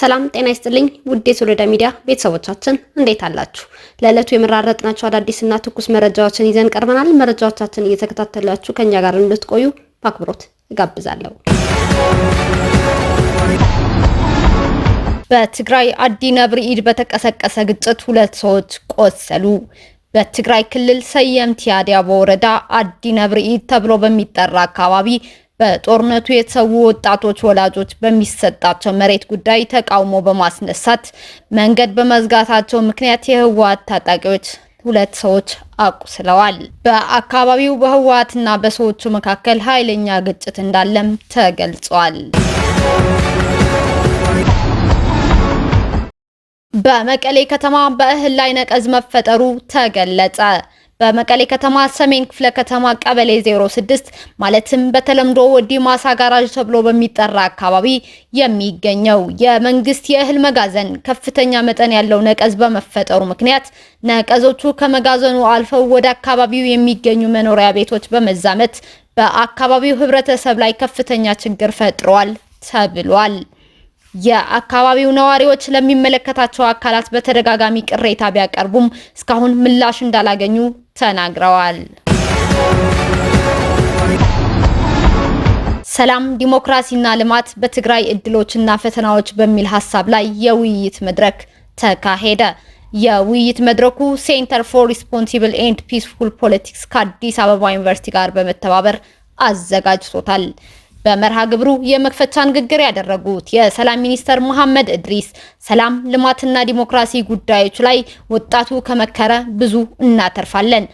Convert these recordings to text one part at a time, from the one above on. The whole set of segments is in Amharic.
ሰላም ጤና ይስጥልኝ ውዴ ሶሎዳ ሚዲያ ቤተሰቦቻችን እንዴት አላችሁ? ለዕለቱ የመራረጥናቸው አዳዲስና ትኩስ መረጃዎችን ይዘን ቀርበናል። መረጃዎቻችን እየተከታተላችሁ ከኛ ጋር እንድትቆዩ በአክብሮት እጋብዛለሁ። በትግራይ አዲ ነብር ኢድ በተቀሰቀሰ ግጭት ሁለት ሰዎች ቆሰሉ። በትግራይ ክልል ሰየምቲ አድያቦ ወረዳ አዲ ኢድ ተብሎ በሚጠራ አካባቢ በጦርነቱ የተሰዉ ወጣቶች ወላጆች በሚሰጣቸው መሬት ጉዳይ ተቃውሞ በማስነሳት መንገድ በመዝጋታቸው ምክንያት የህወሓት ታጣቂዎች ሁለት ሰዎች አቁስለዋል። በአካባቢው በህወሓትና በሰዎቹ መካከል ኃይለኛ ግጭት እንዳለም ተገልጿል። በመቀሌ ከተማ በእህል ላይ ነቀዝ መፈጠሩ ተገለጸ። በመቀሌ ከተማ ሰሜን ክፍለ ከተማ ቀበሌ 06 ማለትም በተለምዶ ወዲ ማሳ ጋራጅ ተብሎ በሚጠራ አካባቢ የሚገኘው የመንግስት የእህል መጋዘን ከፍተኛ መጠን ያለው ነቀዝ በመፈጠሩ ምክንያት ነቀዞቹ ከመጋዘኑ አልፈው ወደ አካባቢው የሚገኙ መኖሪያ ቤቶች በመዛመት በአካባቢው ህብረተሰብ ላይ ከፍተኛ ችግር ፈጥሯል ተብሏል። የአካባቢው ነዋሪዎች ለሚመለከታቸው አካላት በተደጋጋሚ ቅሬታ ቢያቀርቡም እስካሁን ምላሽ እንዳላገኙ ተናግረዋል። ሰላም ዲሞክራሲና ልማት በትግራይ እድሎችና ፈተናዎች በሚል ሀሳብ ላይ የውይይት መድረክ ተካሄደ። የውይይት መድረኩ ሴንተር ፎር ሪስፖንሲብል ኤንድ ፒስፉል ፖለቲክስ ከአዲስ አበባ ዩኒቨርሲቲ ጋር በመተባበር አዘጋጅቶታል። በመርሃ ግብሩ የመክፈቻ ንግግር ያደረጉት የሰላም ሚኒስተር መሐመድ እድሪስ ሰላም ልማትና ዲሞክራሲ ጉዳዮች ላይ ወጣቱ ከመከረ ብዙ እናተርፋለን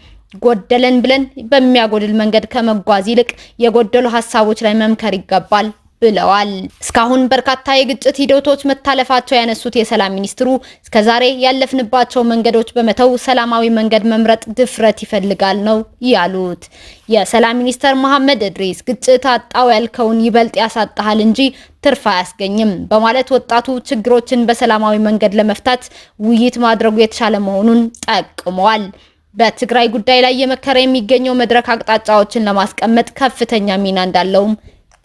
ጎደለን ብለን በሚያጎድል መንገድ ከመጓዝ ይልቅ የጎደሉ ሀሳቦች ላይ መምከር ይገባል ብለዋል። እስካሁን በርካታ የግጭት ሂደቶች መታለፋቸው ያነሱት የሰላም ሚኒስትሩ እስከዛሬ ያለፍንባቸው መንገዶች በመተው ሰላማዊ መንገድ መምረጥ ድፍረት ይፈልጋል ነው ያሉት። የሰላም ሚኒስተር መሐመድ እድሪስ ግጭት አጣው ያልከውን ይበልጥ ያሳጣሃል እንጂ ትርፍ አያስገኝም በማለት ወጣቱ ችግሮችን በሰላማዊ መንገድ ለመፍታት ውይይት ማድረጉ የተሻለ መሆኑን ጠቅመዋል። በትግራይ ጉዳይ ላይ የመከረ የሚገኘው መድረክ አቅጣጫዎችን ለማስቀመጥ ከፍተኛ ሚና እንዳለውም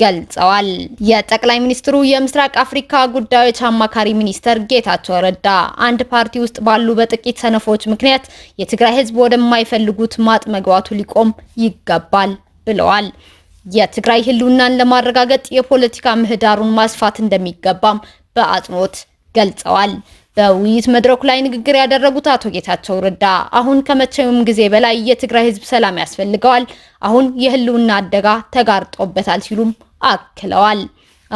ገልጸዋል። የጠቅላይ ሚኒስትሩ የምስራቅ አፍሪካ ጉዳዮች አማካሪ ሚኒስተር ጌታቸው ረዳ አንድ ፓርቲ ውስጥ ባሉ በጥቂት ሰነፎች ምክንያት የትግራይ ሕዝብ ወደማይፈልጉት ማጥ መግባቱ ሊቆም ይገባል ብለዋል። የትግራይ ህልውናን ለማረጋገጥ የፖለቲካ ምህዳሩን ማስፋት እንደሚገባም በአጽንኦት ገልጸዋል። በውይይት መድረኩ ላይ ንግግር ያደረጉት አቶ ጌታቸው ረዳ አሁን ከመቼውም ጊዜ በላይ የትግራይ ሕዝብ ሰላም ያስፈልገዋል፣ አሁን የህልውና አደጋ ተጋርጦበታል ሲሉም አክለዋል።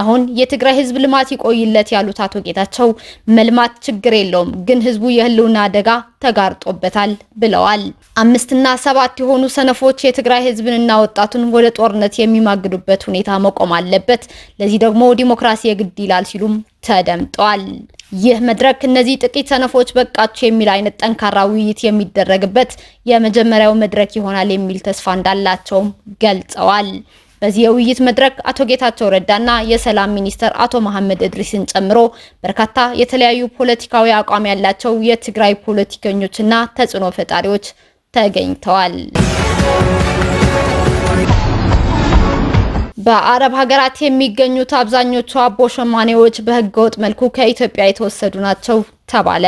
አሁን የትግራይ ህዝብ ልማት ይቆይለት ያሉት አቶ ጌታቸው መልማት ችግር የለውም፣ ግን ህዝቡ የህልውና አደጋ ተጋርጦበታል ብለዋል። አምስትና ሰባት የሆኑ ሰነፎች የትግራይ ህዝብንና ወጣቱን ወደ ጦርነት የሚማግዱበት ሁኔታ መቆም አለበት፣ ለዚህ ደግሞ ዲሞክራሲ የግድ ይላል ሲሉም ተደምጧል። ይህ መድረክ እነዚህ ጥቂት ሰነፎች በቃቸው የሚል አይነት ጠንካራ ውይይት የሚደረግበት የመጀመሪያው መድረክ ይሆናል የሚል ተስፋ እንዳላቸውም ገልጸዋል። በዚህ የውይይት መድረክ አቶ ጌታቸው ረዳና የሰላም ሚኒስተር አቶ መሐመድ እድሪስን ጨምሮ በርካታ የተለያዩ ፖለቲካዊ አቋም ያላቸው የትግራይ ፖለቲከኞችና ተጽዕኖ ፈጣሪዎች ተገኝተዋል። በአረብ ሀገራት የሚገኙት አብዛኞቹ አቦ ሸማኔዎች በህገወጥ መልኩ ከኢትዮጵያ የተወሰዱ ናቸው ተባለ።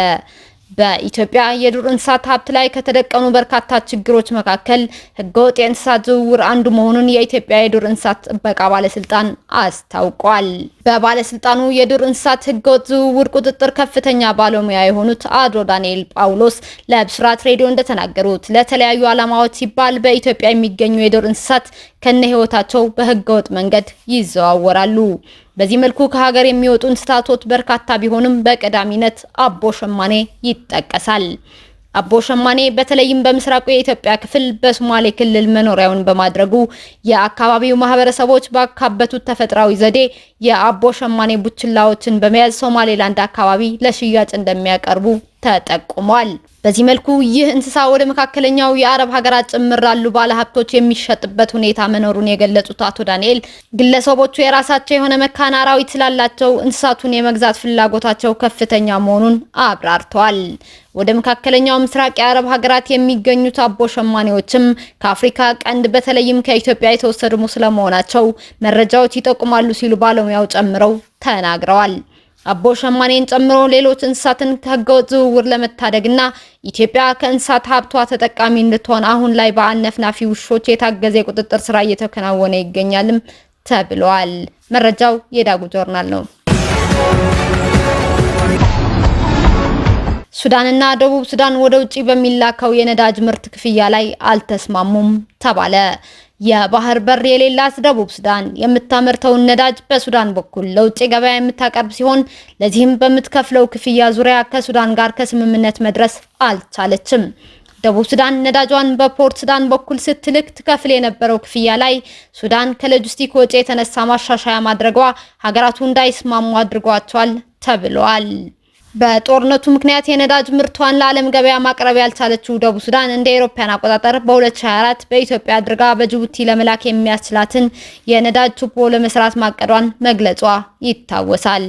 በኢትዮጵያ የዱር እንስሳት ሀብት ላይ ከተደቀኑ በርካታ ችግሮች መካከል ህገወጥ የእንስሳት ዝውውር አንዱ መሆኑን የኢትዮጵያ የዱር እንስሳት ጥበቃ ባለስልጣን አስታውቋል። በባለስልጣኑ የዱር እንስሳት ህገወጥ ዝውውር ቁጥጥር ከፍተኛ ባለሙያ የሆኑት አድሮ ዳንኤል ጳውሎስ ለብስራት ሬዲዮ እንደተናገሩት ለተለያዩ ዓላማዎች ሲባል በኢትዮጵያ የሚገኙ የዱር እንስሳት ከነ ህይወታቸው በህገወጥ መንገድ ይዘዋወራሉ። በዚህ መልኩ ከሀገር የሚወጡ እንስሳቶች በርካታ ቢሆንም በቀዳሚነት አቦ ሸማኔ ይጠቀሳል። አቦ ሸማኔ በተለይም በምስራቁ የኢትዮጵያ ክፍል በሶማሌ ክልል መኖሪያውን በማድረጉ የአካባቢው ማህበረሰቦች ባካበቱት ተፈጥሯዊ ዘዴ የአቦ ሸማኔ ቡችላዎችን በመያዝ ሶማሌላንድ አካባቢ ለሽያጭ እንደሚያቀርቡ ተጠቁሟል። በዚህ መልኩ ይህ እንስሳ ወደ መካከለኛው የአረብ ሀገራት ጭምር ላሉ ባለሀብቶች የሚሸጥበት ሁኔታ መኖሩን የገለጹት አቶ ዳንኤል ግለሰቦቹ የራሳቸው የሆነ መካን አራዊት ስላላቸው እንስሳቱን የመግዛት ፍላጎታቸው ከፍተኛ መሆኑን አብራርተዋል። ወደ መካከለኛው ምስራቅ የአረብ ሀገራት የሚገኙት አቦ ሸማኔዎችም ከአፍሪካ ቀንድ በተለይም ከኢትዮጵያ የተወሰዱ ስለመሆናቸው መረጃዎች ይጠቁማሉ ሲሉ ባለሙያው ጨምረው ተናግረዋል። አቦ ሸማኔን ጨምሮ ሌሎች እንስሳትን ከህገወጥ ዝውውር ለመታደግና ኢትዮጵያ ከእንስሳት ሀብቷ ተጠቃሚ እንድትሆን አሁን ላይ በአነፍናፊ ውሾች የታገዘ የቁጥጥር ስራ እየተከናወነ ይገኛልም ተብሏል። መረጃው የዳጉ ጆርናል ነው። ሱዳንና ደቡብ ሱዳን ወደ ውጪ በሚላከው የነዳጅ ምርት ክፍያ ላይ አልተስማሙም ተባለ። የባህር በር የሌላት ደቡብ ሱዳን የምታመርተውን ነዳጅ በሱዳን በኩል ለውጭ ገበያ የምታቀርብ ሲሆን ለዚህም በምትከፍለው ክፍያ ዙሪያ ከሱዳን ጋር ከስምምነት መድረስ አልቻለችም። ደቡብ ሱዳን ነዳጇን በፖርት ሱዳን በኩል ስትልክ ትከፍል የነበረው ክፍያ ላይ ሱዳን ከሎጂስቲክ ወጪ የተነሳ ማሻሻያ ማድረጓ ሀገራቱ እንዳይስማሙ አድርጓቸዋል ተብሏል። በጦርነቱ ምክንያት የነዳጅ ምርቷን ለዓለም ገበያ ማቅረብ ያልቻለችው ደቡብ ሱዳን እንደ አውሮፓውያን አቆጣጠር በ2024 በኢትዮጵያ አድርጋ በጅቡቲ ለመላክ የሚያስችላትን የነዳጅ ቱቦ ለመስራት ማቀዷን መግለጿ ይታወሳል።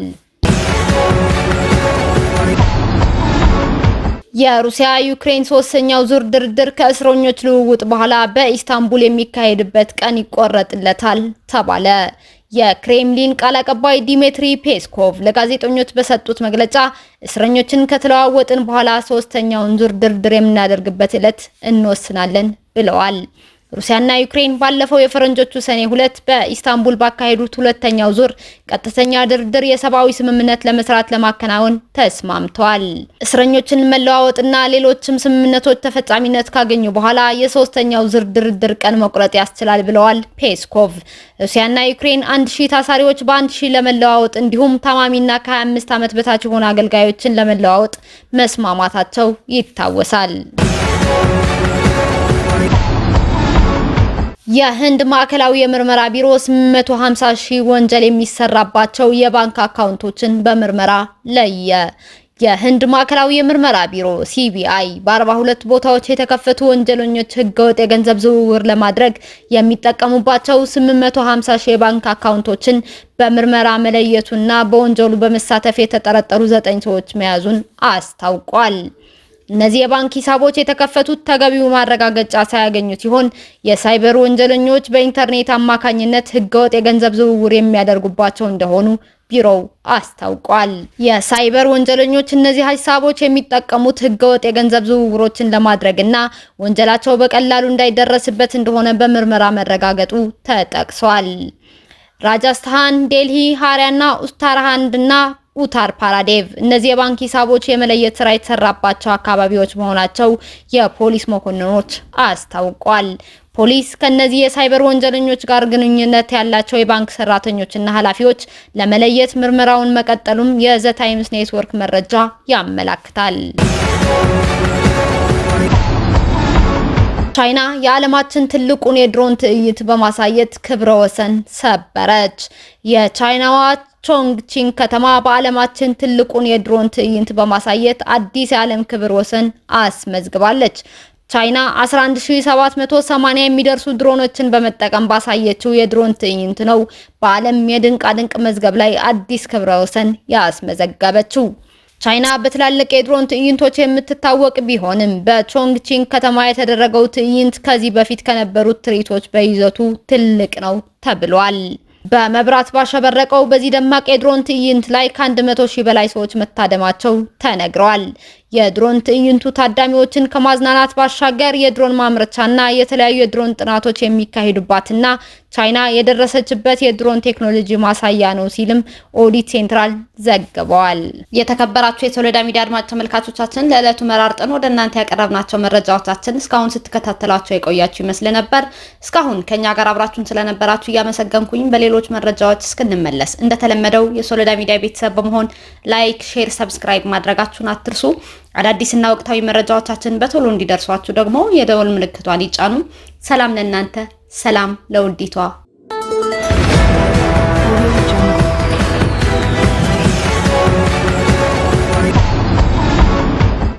የሩሲያ ዩክሬን ሶስተኛው ዙር ድርድር ከእስረኞች ልውውጥ በኋላ በኢስታንቡል የሚካሄድበት ቀን ይቆረጥለታል ተባለ። የክሬምሊን ቃል አቀባይ ዲሜትሪ ፔስኮቭ ለጋዜጠኞች በሰጡት መግለጫ እስረኞችን ከተለዋወጥን በኋላ ሶስተኛውን ዙር ድርድር የምናደርግበት ዕለት እንወስናለን ብለዋል። ሩሲያና ዩክሬን ባለፈው የፈረንጆቹ ሰኔ ሁለት በኢስታንቡል ባካሄዱት ሁለተኛው ዙር ቀጥተኛ ድርድር የሰብአዊ ስምምነት ለመስራት ለማከናወን ተስማምተዋል። እስረኞችን መለዋወጥና ሌሎችም ስምምነቶች ተፈጻሚነት ካገኙ በኋላ የሶስተኛው ዙር ድርድር ቀን መቁረጥ ያስችላል ብለዋል ፔስኮቭ። ሩሲያና ዩክሬን አንድ ሺህ ታሳሪዎች በአንድ ሺህ ለመለዋወጥ እንዲሁም ታማሚና ከ25 ዓመት በታች የሆኑ አገልጋዮችን ለመለዋወጥ መስማማታቸው ይታወሳል። የህንድ ማዕከላዊ የምርመራ ቢሮ 850 ሺህ ወንጀል የሚሰራባቸው የባንክ አካውንቶችን በምርመራ ለየ። የህንድ ማዕከላዊ የምርመራ ቢሮ ሲቢአይ በአርባ ሁለት ቦታዎች የተከፈቱ ወንጀለኞች ህገወጥ የገንዘብ ዝውውር ለማድረግ የሚጠቀሙባቸው 850 ሺህ የባንክ አካውንቶችን በምርመራ መለየቱና በወንጀሉ በመሳተፍ የተጠረጠሩ ዘጠኝ ሰዎች መያዙን አስታውቋል። እነዚህ የባንክ ሂሳቦች የተከፈቱት ተገቢው ማረጋገጫ ሳያገኙ ሲሆን የሳይበር ወንጀለኞች በኢንተርኔት አማካኝነት ህገወጥ የገንዘብ ዝውውር የሚያደርጉባቸው እንደሆኑ ቢሮው አስታውቋል። የሳይበር ወንጀለኞች እነዚህ ሂሳቦች የሚጠቀሙት ህገወጥ የገንዘብ ዝውውሮችን ለማድረግ ወንጀላቸው በቀላሉ እንዳይደረስበት እንደሆነ በምርመራ መረጋገጡ ተጠቅሷል። ራጃስታን፣ ዴልሂ፣ ሀሪያና ኡስታራሃንድ ኡታር ፓራዴቭ። እነዚህ የባንክ ሂሳቦች የመለየት ስራ የተሰራባቸው አካባቢዎች መሆናቸው የፖሊስ መኮንኖች አስታውቋል። ፖሊስ ከነዚህ የሳይበር ወንጀለኞች ጋር ግንኙነት ያላቸው የባንክ ሰራተኞችና ኃላፊዎች ለመለየት ምርመራውን መቀጠሉም የዘ ታይምስ ኔትወርክ መረጃ ያመላክታል። ቻይና የዓለማችን ትልቁን የድሮን ትዕይንት በማሳየት ክብረ ወሰን ሰበረች። የቻይናዋ ቾንግቺን ከተማ በዓለማችን ትልቁን የድሮን ትዕይንት በማሳየት አዲስ የዓለም ክብር ወሰን አስመዝግባለች። ቻይና 11780 የሚደርሱ ድሮኖችን በመጠቀም ባሳየችው የድሮን ትዕይንት ነው በዓለም የድንቃድንቅ መዝገብ ላይ አዲስ ክብረ ወሰን ያስመዘገበችው። ቻይና በትላልቅ የድሮን ትዕይንቶች የምትታወቅ ቢሆንም በቾንግቺንግ ከተማ የተደረገው ትዕይንት ከዚህ በፊት ከነበሩት ትርኢቶች በይዘቱ ትልቅ ነው ተብሏል። በመብራት ባሸበረቀው በዚህ ደማቅ የድሮን ትዕይንት ላይ ከ100 ሺህ በላይ ሰዎች መታደማቸው ተነግረዋል። የድሮን ትዕይንቱ ታዳሚዎችን ከማዝናናት ባሻገር የድሮን ማምረቻና የተለያዩ የድሮን ጥናቶች የሚካሄዱባትና ቻይና የደረሰችበት የድሮን ቴክኖሎጂ ማሳያ ነው ሲልም ኦዲት ሴንትራል ዘግበዋል። የተከበራችሁ የሶሎዳ ሚዲያ አድማጭ ተመልካቾቻችን ለዕለቱ መራርጠን ወደ እናንተ ያቀረብናቸው መረጃዎቻችን እስካሁን ስትከታተሏቸው የቆያችሁ ይመስል ነበር። እስካሁን ከኛ ጋር አብራችሁን ስለነበራችሁ እያመሰገንኩኝ በሌሎ ሌሎች መረጃዎች እስክንመለስ እንደተለመደው የሶሎዳ ሚዲያ ቤተሰብ በመሆን ላይክ፣ ሼር፣ ሰብስክራይብ ማድረጋችሁን አትርሱ። አዳዲስና ወቅታዊ መረጃዎቻችን በቶሎ እንዲደርሷችሁ ደግሞ የደወል ምልክቷን ይጫኑ። ሰላም ለእናንተ፣ ሰላም ለውዲቷ